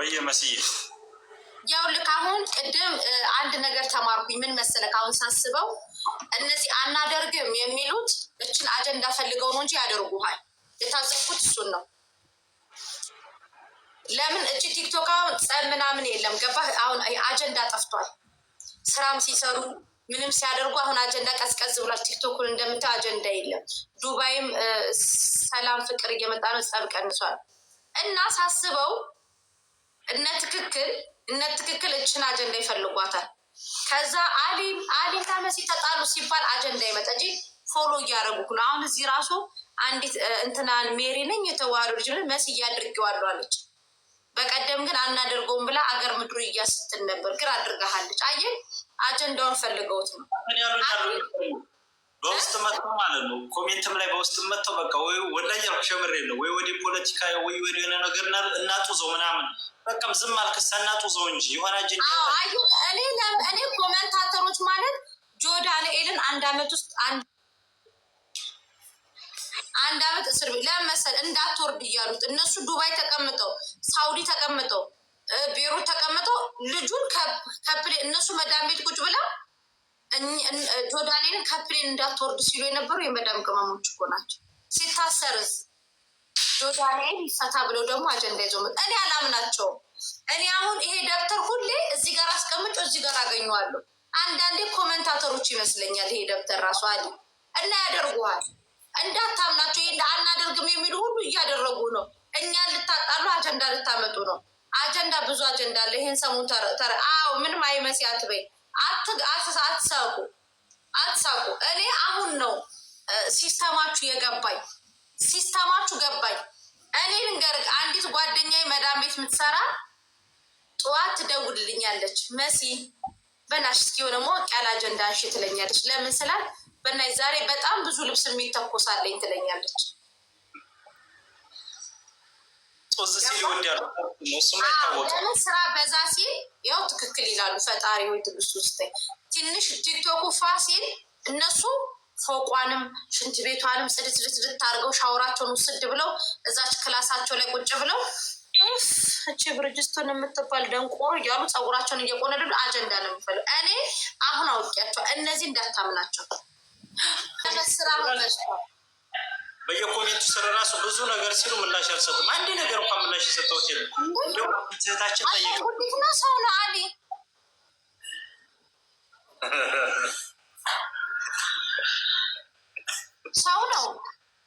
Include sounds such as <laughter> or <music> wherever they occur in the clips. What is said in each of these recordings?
ወይ መስዬ ያው ልክ አሁን ቅድም አንድ ነገር ተማርኩኝ። ምን መሰለ ካሁን ሳስበው እነዚህ አናደርግም የሚሉት እችን አጀንዳ ፈልገው ነው እንጂ ያደርጉሃል። የታዘብኩት እሱን ነው። ለምን እች ቲክቶክ አሁን ጸብ ምናምን የለም ገባህ? አሁን አጀንዳ ጠፍቷል። ስራም ሲሰሩ ምንም ሲያደርጉ አሁን አጀንዳ ቀዝቀዝ ብሏል። ቲክቶኩን እንደምታው አጀንዳ የለም። ዱባይም ሰላም ፍቅር እየመጣ ነው። ጸብ ቀንሷል እና ሳስበው እነ ትክክል እነ ትክክል እችን አጀንዳ ይፈልጓታል። ከዛ አሊም አሊና መሲ ተጣሉ ሲባል አጀንዳ ይመጣ እንጂ ፎሎ እያደረጉ ነው። አሁን እዚህ ራሱ አንዲት እንትናን ሜሪ ነኝ የተዋሩ ልጅ መሲ እያድርጌዋለሁ አለች። በቀደም ግን አናደርገውም ብላ አገር ምድሩ እያስትል ነበር። ግን አድርገሃለች። አየህ፣ አጀንዳውን ፈልገውት ነው። በውስጥ መጥተው ማለት ነው። ኮሜንትም ላይ በውስጥ መጥተው በቃ ወይ ወላ እያልኩ ሸምር የለው ወይ ወደ ፖለቲካ ወይ ወደ የሆነ ነገር እናጡ ዘው ምናምን በቃም ዝም እናጡ ዘው እንጂ የሆነ ጅ እኔ ኮመንታተሮች ማለት ጆ ዳንኤልን አንድ አመት ውስጥ አንድ አመት እስር ቤት ለመሰል እንዳትወርድ እያሉት እነሱ ዱባይ ተቀምጠው ሳውዲ ተቀምጠው ቤሩት ተቀምጠው ልጁን ከፕሌ እነሱ መዳን ቤት ቁጭ ብለው ጆዳኔን ከፕሌን እንዳትወርድ ሲሉ የነበሩ የመዳም ቅመሞች እኮ ናቸው። ሲታሰርስ ጆዳኔን ይፈታ ብለው ደግሞ አጀንዳ ይዞ እኔ አላምናቸውም። እኔ አሁን ይሄ ደብተር ሁሌ እዚህ ጋር አስቀምጮ እዚህ ጋር አገኘዋለሁ። አንዳንዴ ኮመንታተሮች ይመስለኛል ይሄ ደብተር ራሱ አለ እና ያደርጉሃል እንዳታምናቸው ይሄ አናደርግም የሚሉ ሁሉ እያደረጉ ነው። እኛ ልታጣሉ አጀንዳ ልታመጡ ነው። አጀንዳ ብዙ አጀንዳ አለ። ይህን ሰሙን ተረ አዎ ምንም አይመስያት በይ አትሳቁ፣ አትሳቁ። እኔ አሁን ነው ሲስተማችሁ የገባኝ፣ ሲስተማችሁ ገባኝ። እኔ ልንገርህ፣ አንዲት ጓደኛዬ መዳም ቤት የምትሰራ ጠዋት ትደውልልኛለች። መሲ በናሽ እስኪ የሆነ ሞቅ ያለ አጀንዳ አንሺ ትለኛለች። ለምን ስላል በናይ ዛሬ በጣም ብዙ ልብስ የሚተኮሳለኝ ትለኛለች። ክርስቶስ ሲል ይወዳሉ። እሱም ላይ ታወቀ ስራ በዛ ሲል ያው ትክክል ይላሉ። ፈጣሪ ወይ ትግስት ውስጥ ትንሽ ቲክቶኩ ፋ ሲል እነሱ ፎቋንም ሽንት ቤቷንም ጽድት ልትልት አድርገው ሻወራቸውን ውስድ ብለው እዛች ክላሳቸው ላይ ቁጭ ብለው እቺ ብርጅስቶን የምትባል ደንቆሮ እያሉ ፀጉራቸውን እየቆነደዱ አጀንዳ ነው የሚፈለው። እኔ አሁን አውቂያቸው እነዚህ እንዳታምናቸው ስራ መበዝቷል በየኮሜንቱ ስር ራሱ ብዙ ነገር ሲሉ ምላሽ አልሰጡም። አንድ ነገር እንኳን ምላሽ የሰጠሁት የለም። እንዲሁም ሰው ነው አሊ ሰው ነው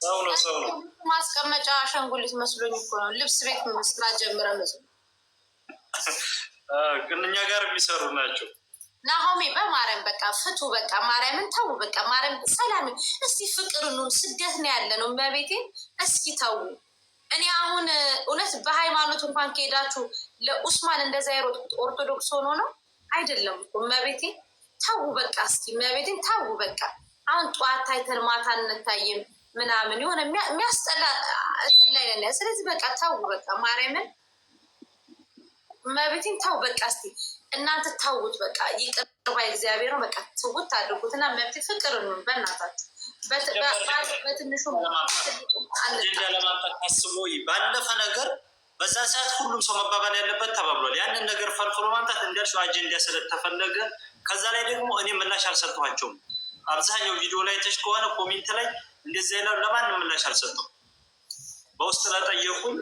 ሰው ነው ሰው ነው። ማስቀመጫ አሻንጉሊት መስሎኝ እኮ ነው። ልብስ ቤት ስራ ጀምረ መስሎኝ እኛ ጋር የሚሰሩ ናቸው። ናሆሜ በማርያም በቃ ፍቱ፣ በቃ ማርያምን ተዉ፣ በቃ ማርያም ሰላም፣ እስቲ ፍቅር ኑን። ስደት ነው ያለ ነው እመቤቴ፣ እስኪ ተዉ። እኔ አሁን እውነት በሃይማኖት እንኳን ከሄዳችሁ ለኡስማን እንደዛ የሮጥኩት ኦርቶዶክስ ሆኖ ነው አይደለም እኮ እመቤቴ፣ ተዉ በቃ እስኪ መቤቴን ተዉ በቃ። አሁን ጠዋት ታይተን ማታ እንታይም ምናምን የሆነ የሚያስጠላ እንትን ላይ ነን። ስለዚህ በቃ ተዉ በቃ ማርያምን መቤቴን ተው በቃ እስኪ እናንተ ታውት በቃ ይቅርባ እግዚአብሔር በቃ ትውት አድርጉት እና መብት ፍቅር ነው። በእናታችሁ በትንሹ ለማምጣት ባለፈ ነገር በዛ ሰዓት ሁሉም ሰው መባባል ያለበት ተባብሏል። ያንን ነገር ፈልፍሎ ማምጣት እንዳልሽው አጀንዳ ስለተፈለገ ከዛ ላይ ደግሞ እኔ ምላሽ አልሰጥኋቸውም። አብዛኛው ቪዲዮ ላይ ተች ከሆነ ኮሜንት ላይ እንደዚህ ይላሉ። ለማንም ምላሽ አልሰጠው። በውስጥ ለጠየቁን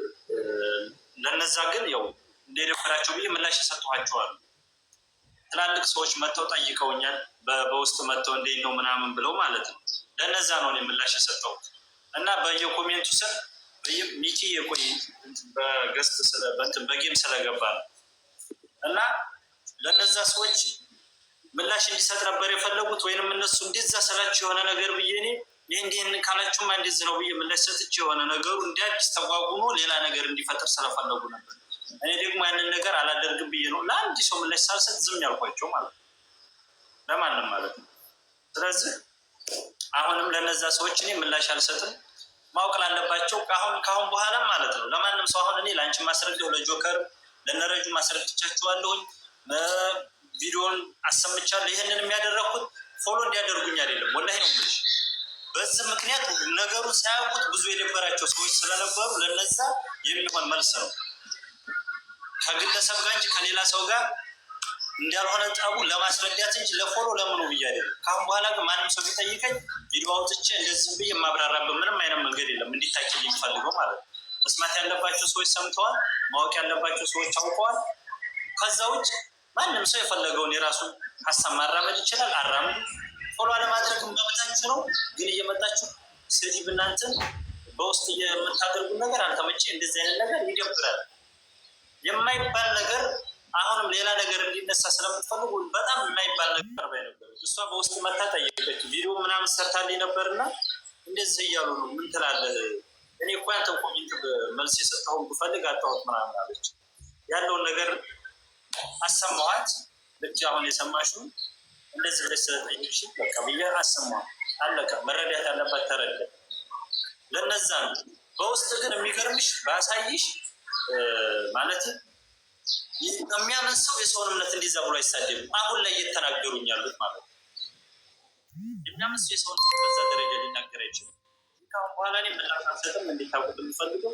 ለነዛ ግን ያው እንደደፈራቸው ብዬ ምላሽ ሰጥኋቸዋል። ትላልቅ ሰዎች መጥተው ጠይቀውኛል። በውስጥ መጥተው እንዴት ነው ምናምን ብለው ማለት ነው። ለነዛ ነው እኔ ምላሽ የሰጠሁት እና በየኮሜንቱ ስር ሚኪ የቆይ በገስት በጌም ስለገባ ነው እና ለነዛ ሰዎች ምላሽ እንዲሰጥ ነበር የፈለጉት ወይንም እነሱ እንደዛ ስላቸው የሆነ ነገር ብዬ እኔ ይህ እንዲህን ካላችሁማ እንደዚህ ነው ብዬ ምላሽ ሰጥቼ የሆነ ነገሩ እንደ አዲስ ተጓጉኖ ሌላ ነገር እንዲፈጥር ስለፈለጉ ነበር። እኔ ደግሞ ያንን ነገር አላደርግም ብዬ ነው ለአንድ ሰው ምላሽ ሳልሰጥ ዝም ያልኳቸው ማለት ነው፣ ለማንም ማለት ነው። ስለዚህ አሁንም ለነዛ ሰዎች እኔ ምላሽ አልሰጥም። ማወቅ ላለባቸው ከአሁን ከአሁን በኋላም ማለት ነው ለማንም ሰው አሁን እኔ ለአንቺ ማስረግ ለጆከር ለነረጁ ማስረግቻቸዋለሁኝ ቪዲዮን አሰምቻለሁ። ይህንን የሚያደረግኩት ፎሎ እንዲያደርጉኝ አይደለም፣ ወላሂ ነው የምልሽ። በዚህ ምክንያት ነገሩን ሳያውቁት ብዙ የደበራቸው ሰዎች ስለነበሩ ለነዛ የሚሆን መልስ ነው። ከግለሰብ ጋር እንጂ ከሌላ ሰው ጋር እንዳልሆነ ጠቡ ለማስረዳት እንጂ ለፎሎ ለምኑ ብዬ አይደለም። ካሁን በኋላ ግን ማንም ሰው ቢጠይቀኝ ቪዲዮ አውጥቼ እንደዚህ ብዬ የማብራራበት ምንም አይነት መንገድ የለም። እንዲታይ የሚፈልገው ማለት ነው። መስማት ያለባቸው ሰዎች ሰምተዋል፣ ማወቅ ያለባቸው ሰዎች አውቀዋል። ከዛ ውጭ ማንም ሰው የፈለገውን የራሱን ሀሳብ ማራመድ ይችላል። አራምዱ። ፎሎ አለማድረግም በመታችሁ ነው። ግን እየመጣችሁ ስድብ ብናንትን በውስጥ የምታደርጉ ነገር አልተመቼ። እንደዚህ አይነት ነገር ይደብራል። የማይባል ነገር አሁንም ሌላ ነገር እንዲነሳ ስለምትፈልጉ በጣም የማይባል ነገር ባይ ነበር። እሷ በውስጥ መታ ጠየቀች። ቪዲዮ ምናምን ሰርታልኝ ነበር እና እንደዚህ እያሉ ነው ምን ትላለህ? እኔ እኮ ያንተን ኮሜንት መልስ የሰጠሁን ብፈልግ አጣሁት ምናምን አለች። ያለውን ነገር አሰማኋት። ልጅ አሁን የሰማሽው እንደዚህ ብለሽ ስለጠየቅሽ በቃ ብዬ አሰማ አለቀ። መረዳት ያለባት ተረዳ። ለነዛ ነው። በውስጥ ግን የሚገርምሽ ባሳይሽ ማለት የሚያምን ሰው የሰውን እምነት እንዲዛ ብሎ አይሳደብም። አሁን ላይ እየተናገሩኝ ያሉት ማለት ነው። የሚያምን ሰው የሰውን በዛ ደረጃ ሊናገር አይችልም። ካሁን በኋላ እኔ ምላሽ አልሰጥም። እንዲታወቅ የምፈልገው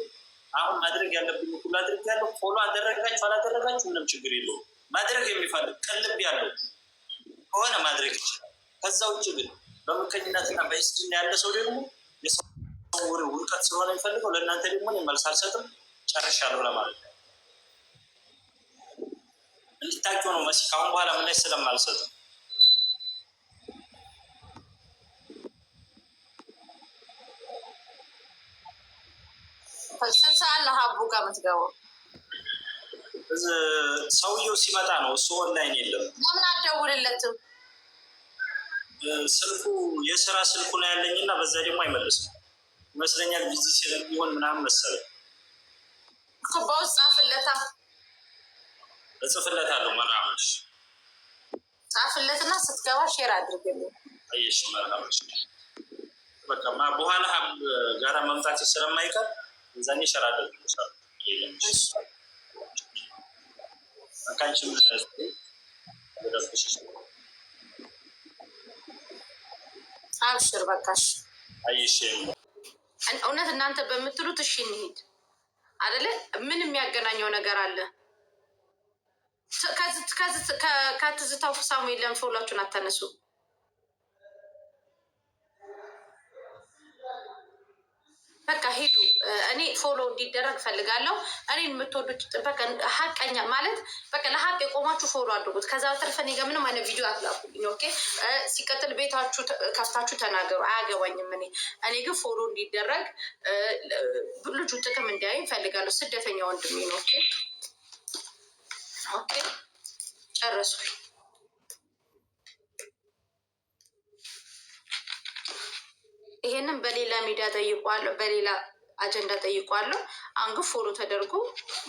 አሁን ማድረግ ያለብኝ ሁሉ ያለው ፎሎ አደረጋችሁ አላደረጋችሁ ምንም ችግር የለውም። ማድረግ የሚፈልግ ቅልብ ያለው ከሆነ ማድረግ ይችላል። ከዛ ውጭ ግን በምቀኝነትና በስድና ያለ ሰው ደግሞ የሰው ውርቀት ስለሆነ የሚፈልገው ለእናንተ ደግሞ መልስ አልሰጥም። ጨርሻለሁ ለማለት ነው። እንድታቸው ነው መሲ። ከአሁን በኋላ ምላሽ ስለማልሰጥ ስንት ሰዓት ጋር የምትገባው? ሰውየው ሲመጣ ነው። እሱ ኦንላይን የለም። ለምን አትደውልለትም? ስልኩ የስራ ስልኩ ነው ያለኝ እና በዛ ደግሞ አይመልስም ይመስለኛል። ቢዚ ስለሚሆን ምናምን መሰለኝ ጽፎው ጻፍለታ እጽፍለታ አለው መርሃቦች ጻፍለትና ስትገባ ሼር አድርግልኝ። አየሽ መርሃቦች በቃ በኋላ ጋራ መምጣት ስለማይቀር እዛኔ ሼር አድርግልሻለሁ። አካንችም አብሽር በቃሽ። አየሽ እውነት እናንተ በምትሉት እሺ እንሂድ። አደለ? ምን የሚያገናኘው ነገር አለ? ከትዝታው ሳሙኤል ለምን ሁላችሁን አታነሱ? በቃ ሄዱ። እኔ ፎሎ እንዲደረግ ፈልጋለሁ። እኔን የምትወዱት በቃ ሀቀኛ ማለት በቃ ለሀቅ የቆማችሁ ፎሎ አድርጉት። ከዛ በተረፈ እኔ ጋር ምንም አይነት ቪዲዮ አትላኩልኝ። ኦኬ። ሲቀጥል ቤታችሁ ከፍታችሁ ተናገሩ፣ አያገባኝም። እኔ እኔ ግን ፎሎ እንዲደረግ ልጁ ጥቅም እንዲያይ ፈልጋለሁ። ስደተኛ ወንድሜ ነው። ኦኬ ኦኬ፣ ጨረስኩኝ። ይሄንን በሌላ ሚዲያ ጠይቋለሁ፣ በሌላ አጀንዳ ጠይቋለሁ። አንግ ፎሎ ተደርጎ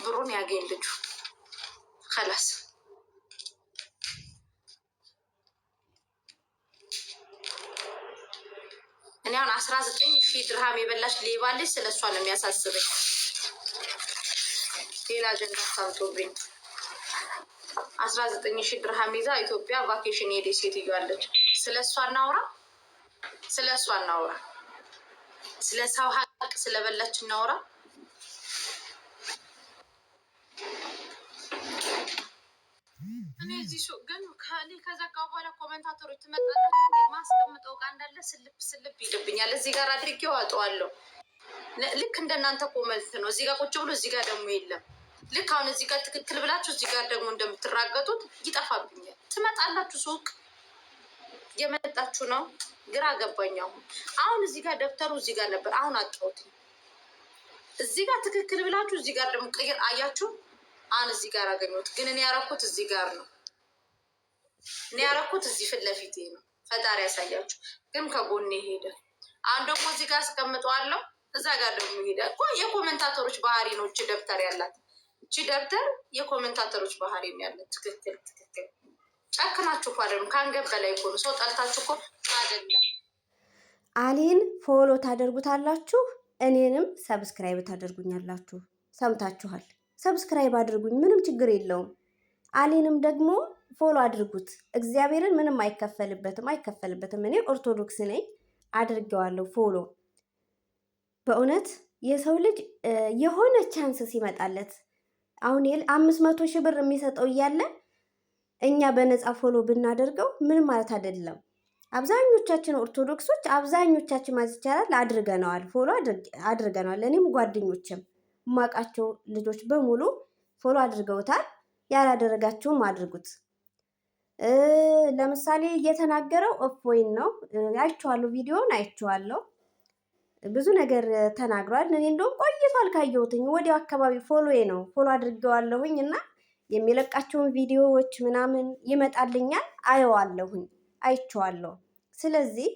ብሩን ያገኝ ልጁ ከላስ እኔ አሁን አስራ ዘጠኝ ሺህ ድርሃም የበላች ሌባ ልጅ ስለ እሷ ነው የሚያሳስበኝ። ሌላ አጀንዳ ሳምቶብኝ አስራ ዘጠኝ ሺህ ድርሃም ይዛ ኢትዮጵያ ቫኬሽን ሄደች ሴትዮዋለች። ስለ እሷ እናውራ፣ ስለ እሷ እናውራ። ስለ ሰው ሀቅ ስለበላች እናውራ። እኔ እዚህ ሱቅ ግን ከሊ ከዘጋ በኋላ ኮሜንታተሮች ትመጣላችሁ። ማስቀምጠው ጋር እንዳለ ስልብ ስልብ ይልብኛል። እዚህ ጋር አድርጌው አውጠዋለሁ። ልክ እንደናንተ ኮመንት ነው። እዚህ ጋር ቁጭ ብሎ እዚህ ጋር ደግሞ የለም። ልክ አሁን እዚህ ጋር ትክክል ብላችሁ እዚህ ጋር ደግሞ እንደምትራገጡት ይጠፋብኛል። ትመጣላችሁ ሱቅ መጣችሁ ነው ግራ ገባኛው። አሁን እዚህ ጋር ደብተሩ እዚህ ጋር ነበር። አሁን አጫወት እዚህ ጋር ትክክል ብላችሁ እዚህ ጋር ደግሞ ቀይር። አያችሁ? አሁን እዚህ ጋር አገኘሁት። ግን እኔ ያረኩት እዚህ ጋር ነው። እኔ ያረኩት እዚህ ፊት ለፊቴ ነው። ፈጣሪ ያሳያችሁ። ግን ከጎን ሄደ። አሁን ደግሞ እዚህ ጋር አስቀምጠዋለሁ። እዛ ጋር ደግሞ ሄደ እኮ። የኮመንታተሮች ባህሪ ነው። እቺ ደብተር ያላት እቺ ደብተር የኮመንታተሮች ባህሪ ነው ትክክል ትክክል ጨክናችሁ እኮ አይደለም፣ ከአንገብ በላይ እኮ ነው። ሰው ጠልታችሁ እኮ አይደለም። አሊን ፎሎ ታደርጉታላችሁ፣ እኔንም ሰብስክራይብ ታደርጉኛላችሁ። ሰምታችኋል። ሰብስክራይብ አድርጉኝ፣ ምንም ችግር የለውም። አሊንም ደግሞ ፎሎ አድርጉት። እግዚአብሔርን ምንም አይከፈልበትም፣ አይከፈልበትም። እኔ ኦርቶዶክስ ነኝ፣ አድርጌዋለሁ ፎሎ። በእውነት የሰው ልጅ የሆነ ቻንስ ሲመጣለት አሁን አምስት መቶ ሺህ ብር የሚሰጠው እያለን እኛ በነፃ ፎሎ ብናደርገው ምን ማለት አይደለም። አብዛኞቻችን ኦርቶዶክሶች አብዛኞቻችን ማለት ይቻላል አድርገነዋል፣ ፎሎ አድርገነዋል። እኔም ጓደኞችም ማቃቸው ልጆች በሙሉ ፎሎ አድርገውታል። ያላደረጋቸውም አድርጉት። ለምሳሌ እየተናገረው እፎይን ነው አይቼዋለሁ፣ ቪዲዮን አይቼዋለሁ። ብዙ ነገር ተናግሯል። እኔ እንደውም ቆይቷል ካየሁትኝ ወዲያው አካባቢ ፎሎዬ ነው ፎሎ አድርገዋለሁኝ እና የሚለቃቸውን ቪዲዮዎች ምናምን ይመጣልኛል፣ አየዋለሁኝ፣ አይቼዋለሁ። ስለዚህ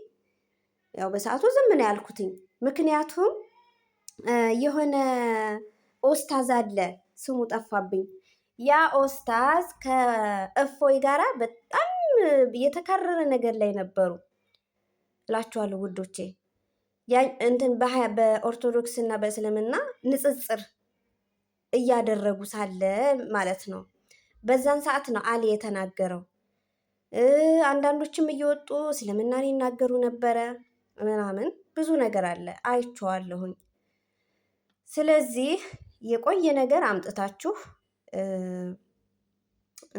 ያው በሰዓቱ ዝም ነው ያልኩትኝ። ምክንያቱም የሆነ ኦስታዝ አለ ስሙ ጠፋብኝ። ያ ኦስታዝ ከእፎይ ጋራ በጣም የተካረረ ነገር ላይ ነበሩ እላችኋለሁ ውዶቼ። እንትን በኦርቶዶክስ እና በእስልምና ንጽጽር እያደረጉ ሳለ ማለት ነው። በዛን ሰዓት ነው አሊ የተናገረው። አንዳንዶችም እየወጡ እስልምናን ይናገሩ ነበረ ምናምን ብዙ ነገር አለ አይቼዋለሁኝ። ስለዚህ የቆየ ነገር አምጥታችሁ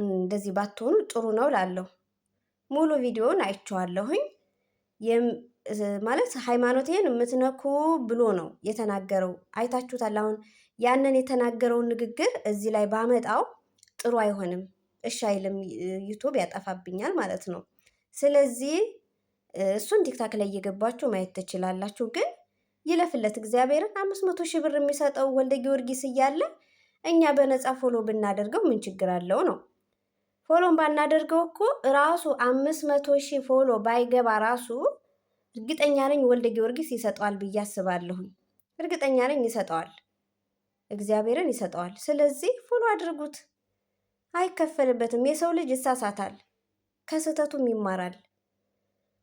እንደዚህ ባትሆኑ ጥሩ ነው ላለሁ ሙሉ ቪዲዮውን አይቼዋለሁኝ። ማለት ሃይማኖቴን የምትነኩ ብሎ ነው የተናገረው። አይታችሁታል። አሁን ያንን የተናገረውን ንግግር እዚህ ላይ ባመጣው ጥሩ አይሆንም፣ እሺ አይልም፣ ዩቱብ ያጠፋብኛል ማለት ነው። ስለዚህ እሱን ቲክታክ ላይ እየገባችሁ ማየት ትችላላችሁ። ግን ይለፍለት እግዚአብሔርን። አምስት መቶ ሺህ ብር የሚሰጠው ወልደ ጊዮርጊስ እያለ እኛ በነፃ ፎሎ ብናደርገው ምን ችግር አለው ነው ፎሎን ባናደርገው እኮ ራሱ አምስት መቶ ሺህ ፎሎ ባይገባ ራሱ እርግጠኛ ነኝ ወልደ ጊዮርጊስ ይሰጠዋል ብዬ አስባለሁኝ። እርግጠኛ ነኝ ይሰጠዋል፣ እግዚአብሔርን ይሰጠዋል። ስለዚህ ፎሎ አድርጉት። አይከፈልበትም። የሰው ልጅ ይሳሳታል፣ ከስህተቱም ይማራል።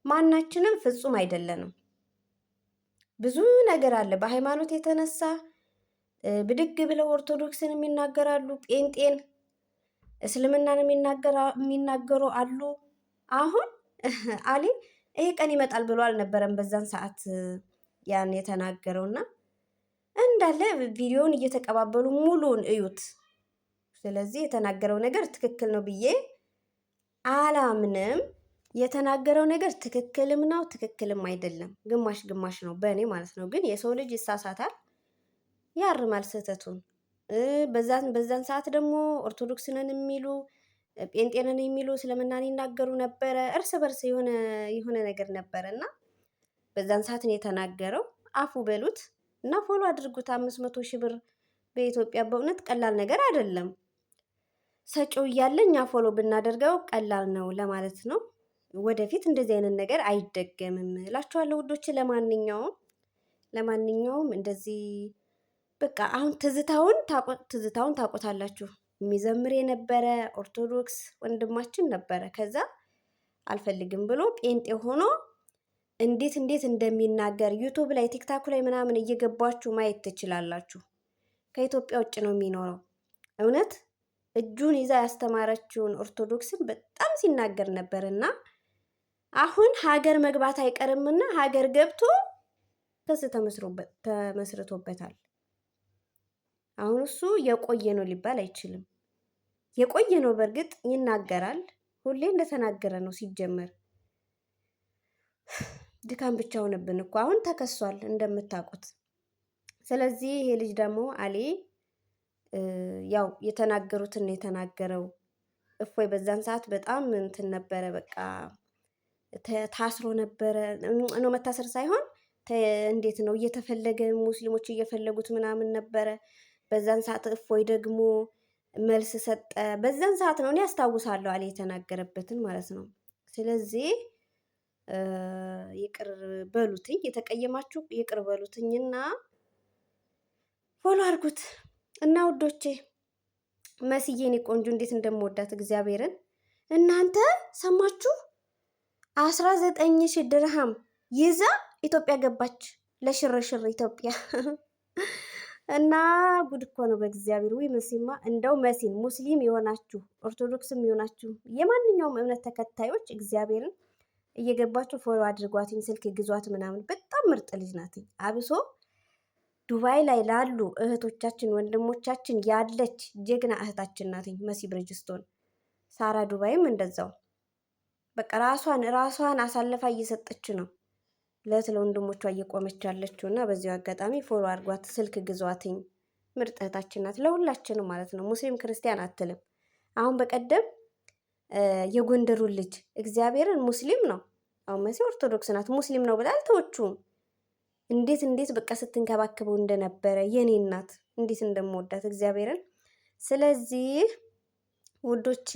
ማናችንም ፍጹም አይደለንም። ብዙ ነገር አለ በሃይማኖት የተነሳ ብድግ ብለው ኦርቶዶክስን የሚናገራሉ፣ ጴንጤን እስልምናን የሚናገሩ አሉ። አሁን አሊ ይሄ ቀን ይመጣል ብሎ አልነበረም በዛን ሰዓት ያን የተናገረው ና እንዳለ ቪዲዮውን እየተቀባበሉ ሙሉን እዩት። ስለዚህ የተናገረው ነገር ትክክል ነው ብዬ አላምንም። የተናገረው ነገር ትክክልም ነው ትክክልም አይደለም፣ ግማሽ ግማሽ ነው በእኔ ማለት ነው። ግን የሰው ልጅ ይሳሳታል፣ ያርማል ስህተቱን። በዛን በዛን ሰዓት ደግሞ ኦርቶዶክስ ነን የሚሉ ጴንጤንን የሚሉ ስለምናን ይናገሩ ነበረ። እርስ በርስ የሆነ የሆነ ነገር ነበረ እና በዛን ሰዓት ነው የተናገረው። አፉ በሉት እና ፎሎ አድርጉት። አምስት መቶ ሺህ ብር በኢትዮጵያ በእውነት ቀላል ነገር አይደለም። ሰጪው እያለ እኛ ፎሎ ብናደርገው ቀላል ነው ለማለት ነው። ወደፊት እንደዚህ አይነት ነገር አይደገምም እላችኋለሁ ውዶች። ለማንኛውም ለማንኛውም እንደዚህ በቃ አሁን ትዝታውን ትዝታውን ታቆታላችሁ። የሚዘምር የነበረ ኦርቶዶክስ ወንድማችን ነበረ። ከዛ አልፈልግም ብሎ ጴንጤ ሆኖ እንዴት እንዴት እንደሚናገር ዩቱብ ላይ ቲክታኩ ላይ ምናምን እየገባችሁ ማየት ትችላላችሁ። ከኢትዮጵያ ውጭ ነው የሚኖረው። እውነት እጁን ይዛ ያስተማረችውን ኦርቶዶክስን በጣም ሲናገር ነበር። እና አሁን ሀገር መግባት አይቀርምና ሀገር ገብቶ ክስ ተመስርቶበታል። አሁን እሱ የቆየ ነው ሊባል አይችልም። የቆየ ነው በእርግጥ ይናገራል። ሁሌ እንደተናገረ ነው። ሲጀመር ድካም ብቻ ሆነብን እኮ አሁን ተከሷል እንደምታውቁት። ስለዚህ ይሄ ልጅ ደግሞ አሌ ያው የተናገሩትን ነው የተናገረው። እፎይ በዛን ሰዓት በጣም እንትን ነበረ፣ በቃ ታስሮ ነበረ። ነው መታሰር ሳይሆን እንዴት ነው እየተፈለገ ሙስሊሞች እየፈለጉት ምናምን ነበረ። በዛን ሰዓት እፎይ ደግሞ መልስ ሰጠ። በዛን ሰዓት ነው እኔ አስታውሳለሁ አለ የተናገረበትን ማለት ነው። ስለዚህ ይቅር በሉትኝ፣ የተቀየማችሁ ይቅር በሉትኝና ፎሎ አድርጉት እና ውዶቼ መስዬን ቆንጆ እንዴት እንደምወዳት እግዚአብሔርን እናንተ ሰማችሁ። አስራ ዘጠኝ ሺህ ድርሃም ይዛ ኢትዮጵያ ገባች። ለሽርሽር ኢትዮጵያ <laughs> እና ጉድ እኮ ነው በእግዚአብሔር ወይ መሲማ እንደው መሲን ሙስሊም የሆናችሁ ኦርቶዶክስም የሆናችሁ የማንኛውም እምነት ተከታዮች እግዚአብሔርን እየገባችሁ ፎሎ አድርጓትኝ፣ ስልክ ግዟት ምናምን። በጣም ምርጥ ልጅ ናት። አብሶ ዱባይ ላይ ላሉ እህቶቻችን ወንድሞቻችን ያለች ጀግና እህታችን ናት መሲ ብርጅስቶን። ሳራ ዱባይም እንደዛው በቃ ራሷን ራሷን አሳልፋ እየሰጠች ነው። ለስለ ወንድሞቿ እየቆመች ያለችው እና በዚሁ አጋጣሚ ፎሎ አድርጓት፣ ስልክ ግዟትኝ። ምርጥ እህታችን ናት፣ ለሁላችንም ማለት ነው። ሙስሊም ክርስቲያን አትልም። አሁን በቀደም የጎንደሩ ልጅ እግዚአብሔርን ሙስሊም ነው አሁን መሲ ኦርቶዶክስ ናት፣ ሙስሊም ነው ብላ አልተወችውም። እንዴት እንዴት በቃ ስትንከባከበው እንደነበረ የኔ እናት እንዴት እንደምወዳት እግዚአብሔርን። ስለዚህ ውዶቼ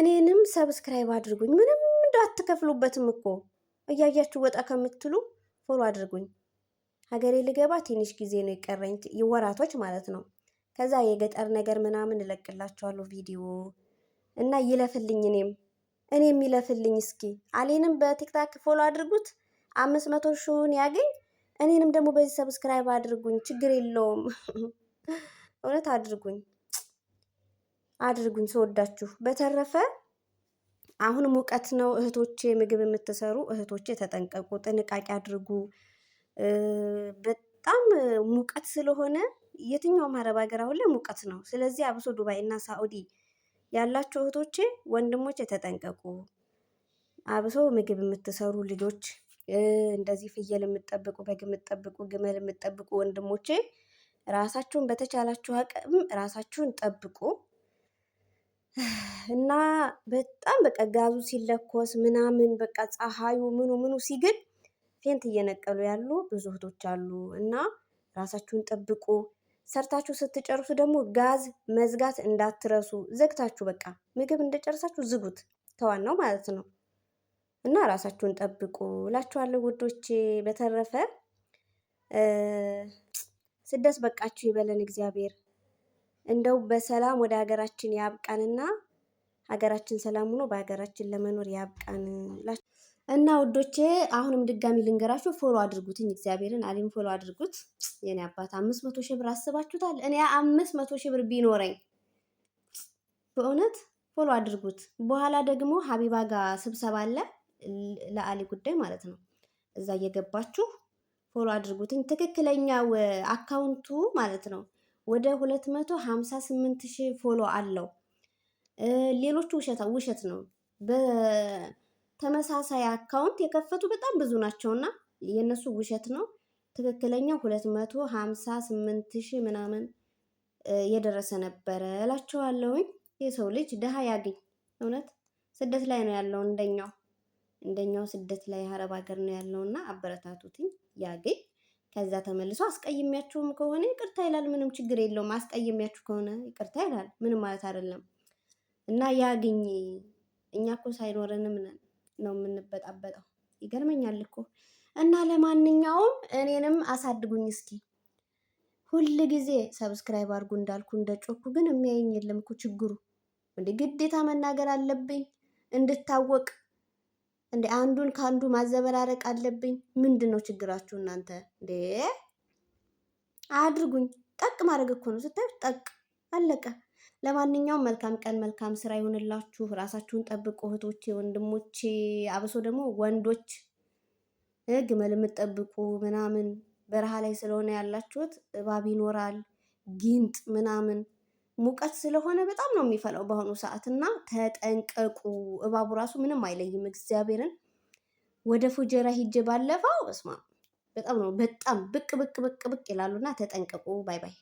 እኔንም ሰብስክራይብ አድርጉኝ። ምንም እንዳትከፍሉበትም እኮ እያያችሁ ወጣ ከምትሉ ፎሎ አድርጉኝ። ሀገሬ ልገባ ትንሽ ጊዜ ነው የቀረኝ፣ ወራቶች ማለት ነው። ከዛ የገጠር ነገር ምናምን እለቅላችኋለሁ ቪዲዮ እና ይለፍልኝ፣ እኔም እኔም ይለፍልኝ። እስኪ አሌንም በቲክታክ ፎሎ አድርጉት፣ አምስት መቶ ሺውን ያገኝ። እኔንም ደግሞ በዚህ ሰብስክራይብ አድርጉኝ፣ ችግር የለውም። <laughs> እውነት አድርጉኝ አድርጉኝ፣ ስወዳችሁ። በተረፈ አሁን ሙቀት ነው እህቶቼ፣ ምግብ የምትሰሩ እህቶቼ ተጠንቀቁ፣ ጥንቃቄ አድርጉ። በጣም ሙቀት ስለሆነ የትኛውም አረብ ሀገር አሁን ላይ ሙቀት ነው። ስለዚህ አብሶ ዱባይ እና ሳኡዲ ያላችሁ እህቶቼ ወንድሞቼ ተጠንቀቁ። አብሶ ምግብ የምትሰሩ ልጆች፣ እንደዚህ ፍየል የምትጠብቁ፣ በግ የምጠብቁ ግመል የምትጠብቁ ወንድሞቼ ራሳችሁን በተቻላችሁ አቅም ራሳችሁን ጠብቁ። እና በጣም በቃ ጋዙ ሲለኮስ ምናምን በቃ ፀሐዩ ምኑ ምኑ ሲግል ፌንት እየነቀሉ ያሉ ብዙ እህቶች አሉ። እና ራሳችሁን ጠብቁ። ሰርታችሁ ስትጨርሱ ደግሞ ጋዝ መዝጋት እንዳትረሱ። ዘግታችሁ በቃ ምግብ እንደጨርሳችሁ ዝጉት፣ ከዋናው ማለት ነው። እና ራሳችሁን ጠብቁ እላችኋለሁ ውዶቼ። በተረፈ ስደት በቃችሁ ይበለን እግዚአብሔር። እንደው በሰላም ወደ ሀገራችን ያብቃንና ሀገራችን ሰላም ሆኖ በሀገራችን ለመኖር ያብቃን እና ውዶቼ፣ አሁንም ድጋሚ ልንገራችሁ ፎሎ አድርጉትኝ፣ እግዚአብሔርን አሊም ፎሎ አድርጉት። የኔ አባት አምስት መቶ ሺህ ብር አስባችሁታል? እኔ አምስት መቶ ሺህ ብር ቢኖረኝ በእውነት ፎሎ አድርጉት። በኋላ ደግሞ ሀቢባ ጋር ስብሰባ አለ ለአሊ ጉዳይ ማለት ነው። እዛ እየገባችሁ ፎሎ አድርጉትኝ፣ ትክክለኛው አካውንቱ ማለት ነው። ወደ 258 ሺህ ፎሎ አለው። ሌሎቹ ውሸት ውሸት ነው። በተመሳሳይ አካውንት የከፈቱ በጣም ብዙ ናቸውና የነሱ ውሸት ነው። ትክክለኛው 258 ሺህ ምናምን የደረሰ ነበረ እላቸዋለሁኝ። የሰው ልጅ ድሃ ያግኝ። እውነት ስደት ላይ ነው ያለው እንደኛው እንደኛው ስደት ላይ ሀረብ ሀገር ነው ያለውና አበረታቱትኝ ያግኝ። ከዛ ተመልሶ አስቀይሚያችሁም ከሆነ ይቅርታ ይላል። ምንም ችግር የለውም። አስቀይሚያችሁ ከሆነ ይቅርታ ይላል። ምንም ማለት አይደለም። እና ያግኝ እኛ እኮ ሳይኖረንም ነው የምንበጣበጠው። ይገርመኛል እኮ እና ለማንኛውም እኔንም አሳድጉኝ እስኪ ሁል ጊዜ ሰብስክራይብ አድርጉ እንዳልኩ እንደጮኩ ግን የሚያየኝ የለም እኮ ችግሩ። እንደ ግዴታ መናገር አለብኝ እንድታወቅ እንደ አንዱን ከአንዱ ማዘበራረቅ አለብኝ። ምንድን ነው ችግራችሁ እናንተ? እንደ አድርጉኝ። ጠቅ ማድረግ እኮ ነው። ስታዩ ጠቅ አለቀ። ለማንኛውም መልካም ቀን፣ መልካም ስራ ይሆንላችሁ። ራሳችሁን ጠብቁ እህቶቼ፣ ወንድሞቼ፣ አብሶ ደግሞ ወንዶች ግመል የምትጠብቁ ምናምን በረሃ ላይ ስለሆነ ያላችሁት እባብ ይኖራል፣ ጊንጥ ምናምን ሙቀት ስለሆነ በጣም ነው የሚፈላው በአሁኑ ሰዓት እና ተጠንቀቁ። እባቡ ራሱ ምንም አይለይም። እግዚአብሔርን ወደ ፉጀራ ሂጅ ባለፈው እስማ በጣም ነው በጣም ብቅ ብቅ ብቅ ብቅ ይላሉ ተጠንቀቁ። ባይ ባይ።